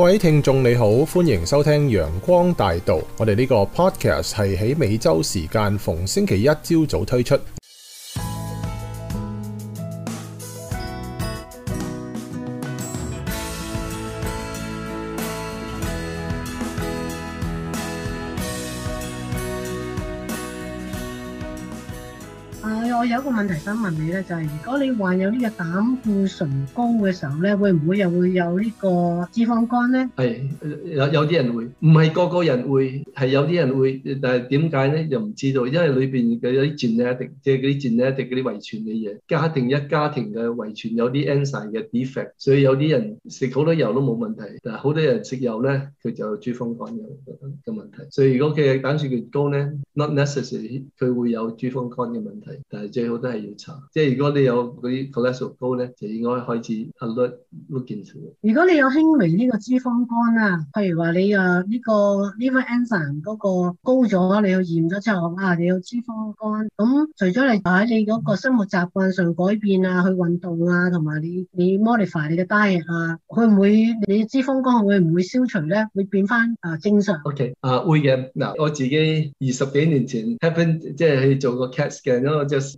各位聽眾你好，歡迎收聽陽光大道。我哋呢個 podcast 係喺美洲時間逢星期一朝早推出。我有一個問題想問你咧，就係如果你患有呢個膽固醇高嘅時候咧，會唔會又會有呢個脂肪肝咧？係有有啲人會，唔係個個人會係有啲人會，但係點解咧又唔知道？因為裏邊嘅有啲 genetic 咧，即係嗰啲 genetic 咧，即係嗰啲遺傳嘅嘢，家庭一家庭嘅遺傳有啲 enzyme 嘅 defect，所以有啲人食好多油都冇問題，但係好多人食油咧，佢就有脂肪肝嘅嘅問題。所以如果佢嘅膽固醇高咧，not necessary，佢會有脂肪肝嘅問題，但係。最好都係要查，即係如果你有嗰啲 cholesterol 高咧，就應該開始 alert look into。如果你有輕微呢個脂肪肝啊，譬如話你啊呢、這個 liver enzyme 嗰個高咗，你又驗咗之後啊，你有脂肪肝，咁、嗯、除咗你喺、啊、你嗰個生活習慣上改變啊，去運動啊，同埋你你 modify 你嘅 diet 啊，會唔會你脂肪肝會唔會消除咧？會變翻啊正常？O、okay, K 啊會嘅，嗱我自己二十幾年前 happened 即係去做個 cat scan 嘅，咁我 just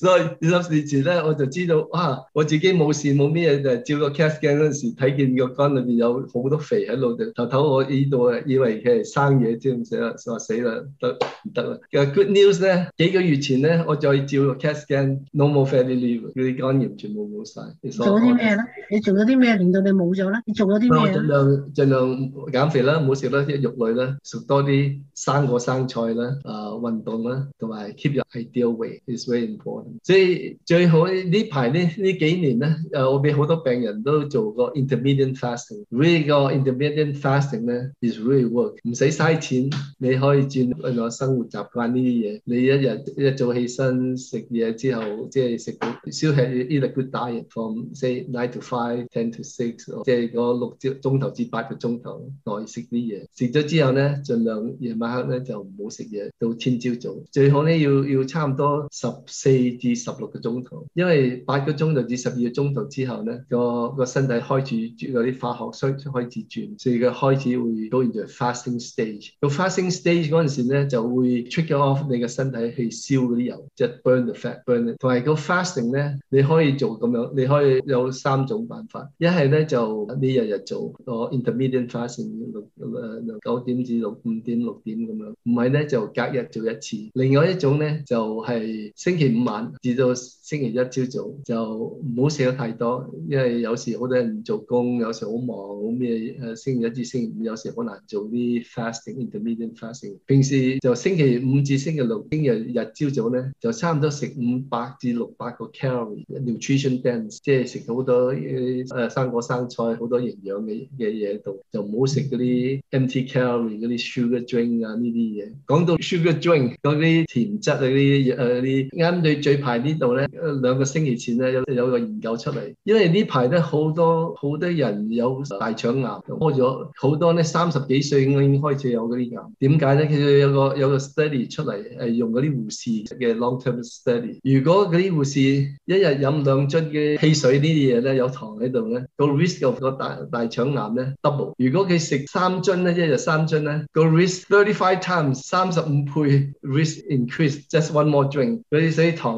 所以二十年前咧，我就知道啊，我自己冇事冇咩嘢，就照個 Cat scan 嗰陣時睇見個肝裏邊有好多肥喺度，頭頭我呢度以為佢係生嘢知唔使話死啦，得唔得啦？其實 good news 咧，幾個月前咧，我再照個 Cat scan，no more fatty liver，啲肝炎全部冇曬。做咗啲咩咧？你做咗啲咩令到你冇咗咧？你做咗啲咩？我盡量盡量減肥啦，冇食多啲肉類啦，食多啲生果生菜啦，誒、呃、運動啦，同埋 keep your ideal weight is very important。所以最好呢排呢，呢幾年咧，我俾好多病人都做過 intermediate fasting，really 個 intermediate fasting 咧，is really work，唔使嘥錢，你可以轉我生活習慣呢啲嘢。你一日一早起身食嘢之後，即係食少食 eat a good diet from say nine to five, ten to six，即係嗰六個鐘頭至八個鐘頭內食啲嘢。食咗之後咧，儘量夜晚黑咧就唔好食嘢，到天朝早最好咧要要差唔多十四至十六個鐘頭，因為八個鐘頭至十二個鐘頭之後咧，個個身體開始轉嗰啲化學衰，開始轉，所以佢開始會到完就 fasting stage。到 fasting stage 嗰陣時咧，就會 trigger off 你個身體去燒嗰啲油，即係 burn the fat burn 咧。同埋個 fasting 咧，你可以做咁樣，你可以有三種辦法。一係咧就你日日做個 intermediate fasting，咁樣九點至六五點六點咁樣。唔係咧就隔日做一次。另外一種咧就係星期五晚。至到星期一朝早就唔好食得太多，因為有時好多人唔做工，有時好忙，好咩誒？星期一至星期五有時好難做啲 fasting、intermediate fasting。平時就星期五至星期六，聽日日朝早咧就差唔多食五百至六百個 calorie Nut、nutrition dense 即係食好多誒生果生菜，好多營養嘅嘅嘢度，就唔好食嗰啲 empty calorie 嗰啲 sugar drink 啊呢啲嘢。講到 sugar drink 嗰啲甜質嗰啲誒啲啱你最。呢排呢度咧，兩個星期前咧，有有個研究出嚟，因為呢排咧好多好多人有大腸癌，多咗好多咧，三十幾歲已經開始有嗰啲癌。點解咧？其實有個有個 study 出嚟，係用嗰啲護士嘅 long term study。如果嗰啲護士一日飲兩樽嘅汽水呢啲嘢咧，有糖喺度咧，個 risk of 個大大腸癌咧 double。如果佢食三樽咧，一日三樽咧，個 risk thirty five times 三十五倍 risk increase just one more drink 嗰啲水糖。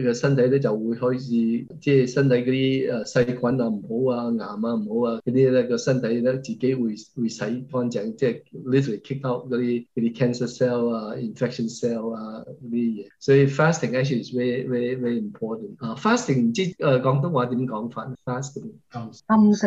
個身體咧就會開始，即係身體嗰啲誒細菌啊、唔好啊、癌啊、唔好啊嗰啲咧，個身體咧自己會會洗乾淨，即係 literally kick out 嗰啲嗰啲 cancer cell 啊、infection cell 啊嗰啲嘢。所以 fasting actually is very very very important 啊、uh,！fasting 唔知誒、呃、廣東話點講法？fasting 禁、oh. 食禁食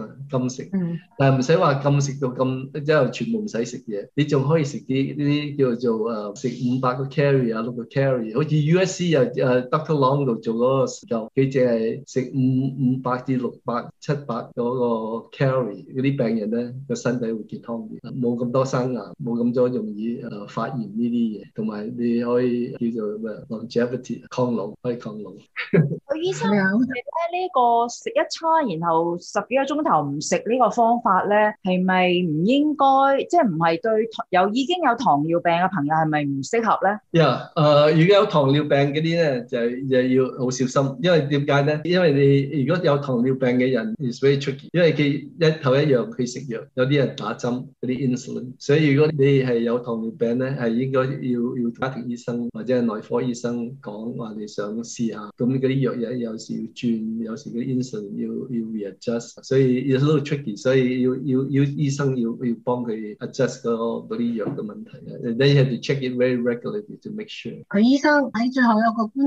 啊！禁食，mm. 但係唔使話禁食到咁，即係全部唔使食嘢，你仲可以食啲呢啲叫做誒食五百個 carry 啊、六個 carry，好似 U.S.C 又、啊。誒 Doctor Long 度做嗰個時候，佢就係食五五百至六百、七百嗰個 carry 嗰啲病人咧，個身體會健康啲，冇咁多生癌，冇咁多容易誒發炎呢啲嘢，同埋你可以叫做咩 longevity 抗老，可以抗老。個醫生咧呢個食一餐，然後十幾個鐘頭唔食呢個方法咧，係咪唔應該？即係唔係對有已經有糖尿病嘅朋友係咪唔適合咧？呀誒，如果有糖尿病嗰啲咧。就係又要好小心，因為點解咧？因為你如果有糖尿病嘅人，it's very tricky。因為佢一頭一樣，佢食藥，有啲人打針嗰啲 insulin。所以如果你係有糖尿病咧，係應該要要家庭醫生或者係內科醫生講話，你想試下。咁嗰啲藥藥有時要轉，有時啲 insulin 要要 readjust。所以 it's a little tricky。所以要要要醫生要要幫佢 adjust 嗰啲藥嘅問題。你都要 check it very regularly to make sure。佢醫生喺最後有個。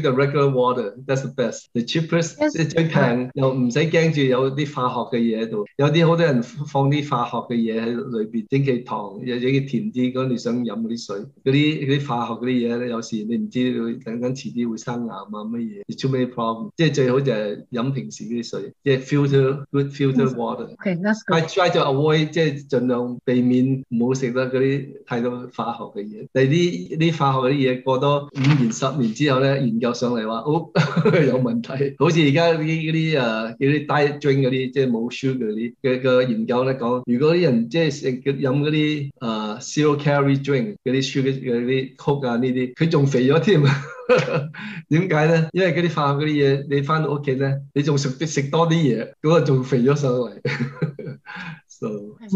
就 regular water，that's the best，the cheapest yes, 最平 yes. 又唔使驚住有啲化學嘅嘢喺度，有啲好多人放啲化學嘅嘢喺裏邊，整啲糖又整啲甜啲，咁你想飲嗰啲水，嗰啲啲化學嗰啲嘢咧，有時你唔知你等緊遲啲會生癌啊乜嘢，too many problem，即係最好就係飲平時嗰啲水，即係 filter good filter water。I、mm. okay, try to avoid 即係盡量避免唔好食得嗰啲太多化學嘅嘢，第啲啲化學嗰啲嘢過多五年十年之後咧，又上嚟話哦，oh, 有問題，好似而家啲啲誒，啲 diet drink 嗰啲，即係冇 sugar 嗰啲嘅嘅研究咧講，如果啲人即係飲嗰啲誒 zero calorie drink 嗰啲 sugar 嗰啲 coke 啊 呢啲，佢仲肥咗添。點解咧？因為嗰啲化學嗰啲嘢，你翻到屋企咧，你仲食啲食多啲嘢，咁啊仲肥咗上嚟。 so，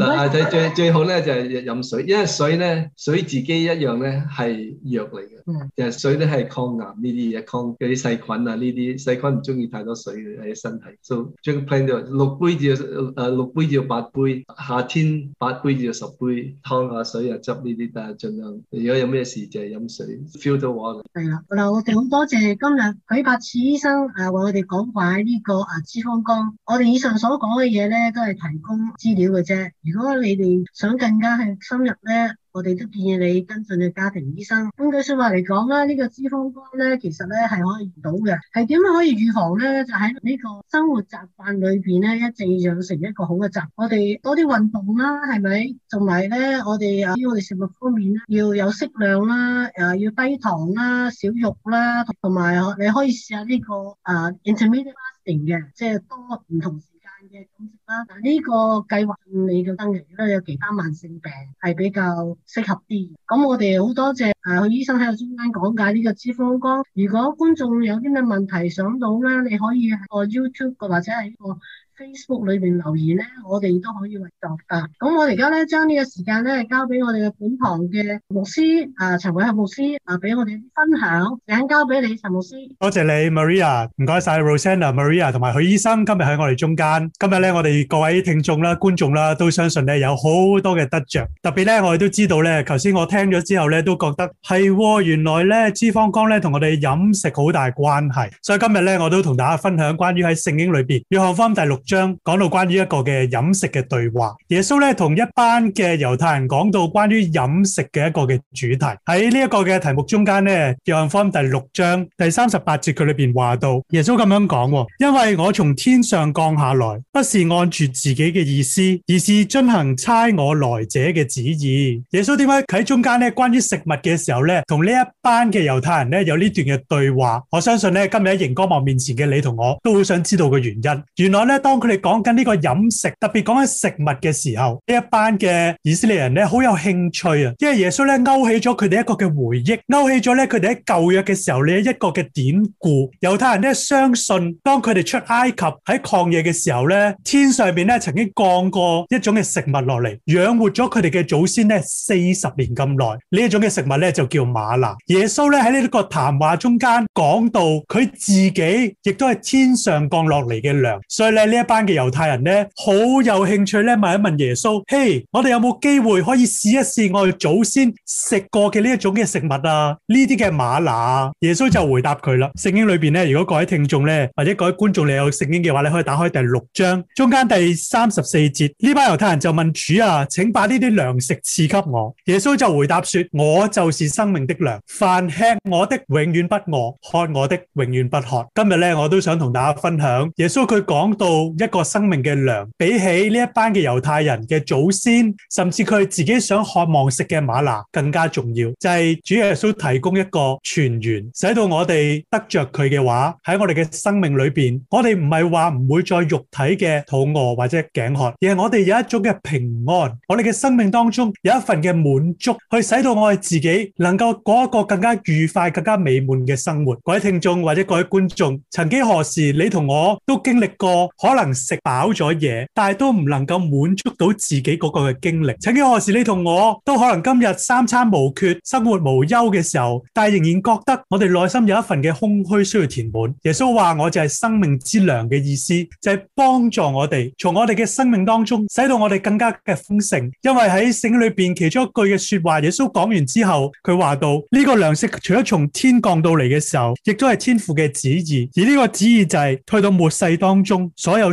阿仔最最好咧就係、是、飲水，因為水咧水自己一樣咧係藥嚟。嘅。嗯，其實水都係抗癌呢啲嘢，抗嗰啲細菌啊呢啲細菌唔中意太多水嘅喺身體，所以將 plan 就六杯至誒六杯至八杯，夏天八杯至十杯湯啊水啊汁呢啲，但係盡量如果有咩事就係飲水，feel 到我係啦，嗱我哋好多謝今日許伯次醫生誒為我哋講解呢個誒脂肪肝，我哋以上所講嘅嘢咧都係提供資料嘅啫，如果你哋想更加係深入咧。我哋都建議你跟進嘅家庭醫生。根據說話嚟講啦，呢個脂肪肝咧，其實咧係可以預到嘅。係點樣可以預防咧？就喺呢個生活習慣裏面咧，一直養成一個好嘅習慣。我哋多啲運動啦，係咪？同埋咧，我哋喺我哋食物方面咧，要有適量啦，誒要低糖啦，少肉啦，同埋你可以試下呢個誒 intermediate fasting 嘅，即係多唔同時。食啦，但呢個計劃你嘅登記咧，有其他慢性病係比較適合啲。咁我哋好多謝誒，佢、啊、醫生喺度中間講解呢個脂肪肝。如果觀眾有啲咩問題想到咧，你可以喺個 YouTube 或者係呢個。Facebook 裡邊留言咧，我哋亦都可以閱讀噶。咁我哋而家咧將呢個時間咧交俾我哋嘅本堂嘅牧師啊，陳偉合牧師啊，俾我哋啲分享。請交俾你，陳牧師。多謝你，Maria，唔該晒，Rosanna，Maria 同埋許醫生，今日喺我哋中間。今日咧，我哋各位聽眾啦、觀眾啦，都相信咧有好多嘅得着。特別咧，我哋都知道咧，頭先我聽咗之後咧，都覺得係，原來咧脂肪肝咧同我哋飲食好大關係。所以今日咧，我都同大家分享關於喺聖經裡邊約翰福音第六。將講到關於一個嘅飲食嘅對話，耶穌咧同一班嘅猶太人講到關於飲食嘅一個嘅主題。喺呢一個嘅題目中間呢，約翰福音第六章第三十八節佢裏邊話到，耶穌咁樣講：因為我從天上降下來，不是按住自己嘅意思，而是遵行差我來者嘅旨意。耶穌點解喺中間呢？關於食物嘅時候呢，同呢一班嘅猶太人呢，有呢段嘅對話？我相信呢，今日喺熒光幕面前嘅你同我，都好想知道嘅原因。原來呢，當當佢哋講緊呢個飲食，特別講緊食物嘅時候，呢一班嘅以色列人咧好有興趣啊！因為耶穌咧勾起咗佢哋一個嘅回憶，勾起咗咧佢哋喺舊約嘅時候咧一個嘅典故。猶太人咧相信，當佢哋出埃及喺曠野嘅時候咧，天上邊咧曾經降過一種嘅食物落嚟，養活咗佢哋嘅祖先咧四十年咁耐。呢一種嘅食物咧就叫瑪拿。耶穌咧喺呢一個談話中間講到，佢自己亦都係天上降落嚟嘅糧，所以咧呢一。班嘅猶太人咧，好有興趣咧問一問耶穌：嘿，我哋有冇機會可以試一試我哋祖先食過嘅呢一種嘅食物啊？呢啲嘅瑪拿，耶穌就回答佢啦。聖經裏邊咧，如果各位聽眾咧或者各位觀眾你有聖經嘅話咧，你可以打開第六章中間第三十四節。呢班猶太人就問主啊：請把呢啲糧食賜給我。耶穌就回答說：我就是生命的糧，凡吃我的永遠不餓，喝我的永遠不渴。今日咧，我都想同大家分享耶穌佢講到一個生命嘅糧，比起呢一班嘅猶太人嘅祖先，甚至佢自己想渴望食嘅馬拿更加重要。就係主耶穌提供一個泉源，使到我哋得著佢嘅話，喺我哋嘅生命裏邊，我哋唔係話唔會再肉體嘅肚餓或者頸渴，而係我哋有一種嘅平安，我哋嘅生命當中有一份嘅滿足，去使到我哋自己能夠過一個更加愉快、更加美滿嘅生活。各位聽眾或者各位觀眾，曾幾何時，你同我都經歷過可能。食飽咗嘢，但係都唔能夠滿足到自己嗰個嘅經歷。曾經何時，你同我都可能今日三餐無缺，生活無憂嘅時候，但係仍然覺得我哋內心有一份嘅空虛需要填滿。耶穌話我就係生命之糧嘅意思，就係幫助我哋從我哋嘅生命當中，使到我哋更加嘅豐盛。因為喺聖經裏邊其中一句嘅說話，耶穌講完之後，佢話到呢個糧食除咗從天降到嚟嘅時候，亦都係天父嘅旨意，而呢個旨意就係去到末世當中所有，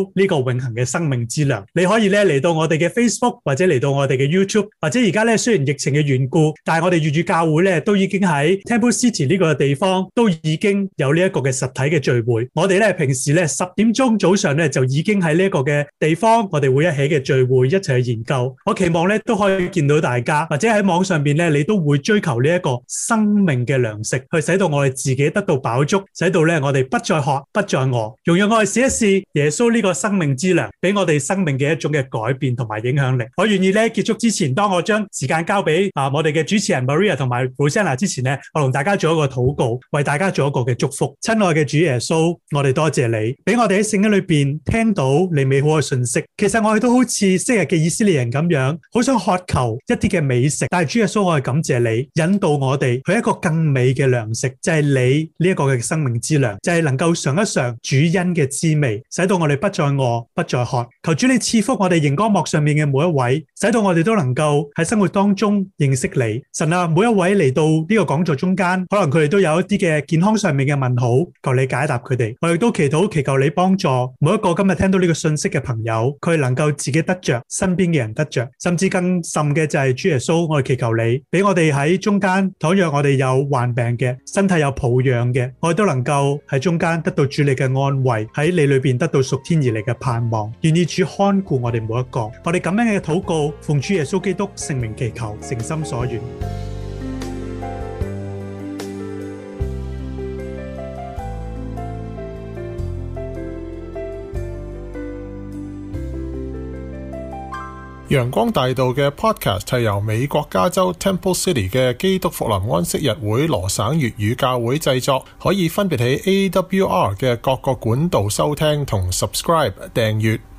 呢個永恒嘅生命之糧，你可以咧嚟到我哋嘅 Facebook 或者嚟到我哋嘅 YouTube，或者而家咧雖然疫情嘅緣故，但係我哋粵語教會咧都已經喺 Temple City 呢個地方都已經有呢一個嘅實體嘅聚會。我哋咧平時咧十點鐘早上咧就已經喺呢一個嘅地方，我哋會一起嘅聚會，一齊去研究。我期望咧都可以見到大家，或者喺網上邊咧你都會追求呢一個生命嘅糧食，去使到我哋自己得到飽足，使到咧我哋不再渴，不再餓。容讓我哋試一試耶穌呢。呢個生命之糧，俾我哋生命嘅一種嘅改變同埋影響力。我願意咧結束之前，當我將時間交俾啊我哋嘅主持人 Maria 同埋 Rosanna 之前咧，我同大家做一個禱告，為大家做一個嘅祝福。親愛嘅主耶穌，我哋多謝你俾我哋喺聖經裏邊聽到你美好嘅信息。其實我哋都好似昔日嘅以色列人咁樣，好想渴求一啲嘅美食。但係主耶穌，我係感謝你引導我哋去一個更美嘅糧食，就係你呢一個嘅生命之糧，就係能夠嘗一嘗主恩嘅滋味，使到我哋不，不再餓，不再渴，求主你賜福我哋熒光幕上面嘅每一位。使到我哋都能夠喺生活當中認識你，神啊！每一位嚟到呢個講座中間，可能佢哋都有一啲嘅健康上面嘅問號，求你解答佢哋。我亦都祈禱祈求你幫助每一個今日聽到呢個信息嘅朋友，佢能夠自己得着，身邊嘅人得着，甚至更甚嘅就係主耶穌。我哋祈求你俾我哋喺中間，倘若我哋有患病嘅，身體有抱恙嘅，我哋都能夠喺中間得到主你嘅安慰，喺你裏邊得到屬天而嚟嘅盼望。願意主看顧我哋每一個。我哋咁樣嘅禱告。奉主耶穌基督聖名祈求，誠心所願。陽光大道嘅 Podcast 係由美國加州 Temple City 嘅基督復臨安息日會羅省粵語教會製作，可以分別喺 AWR 嘅各個管道收聽同 subscribe 訂閱，訂閱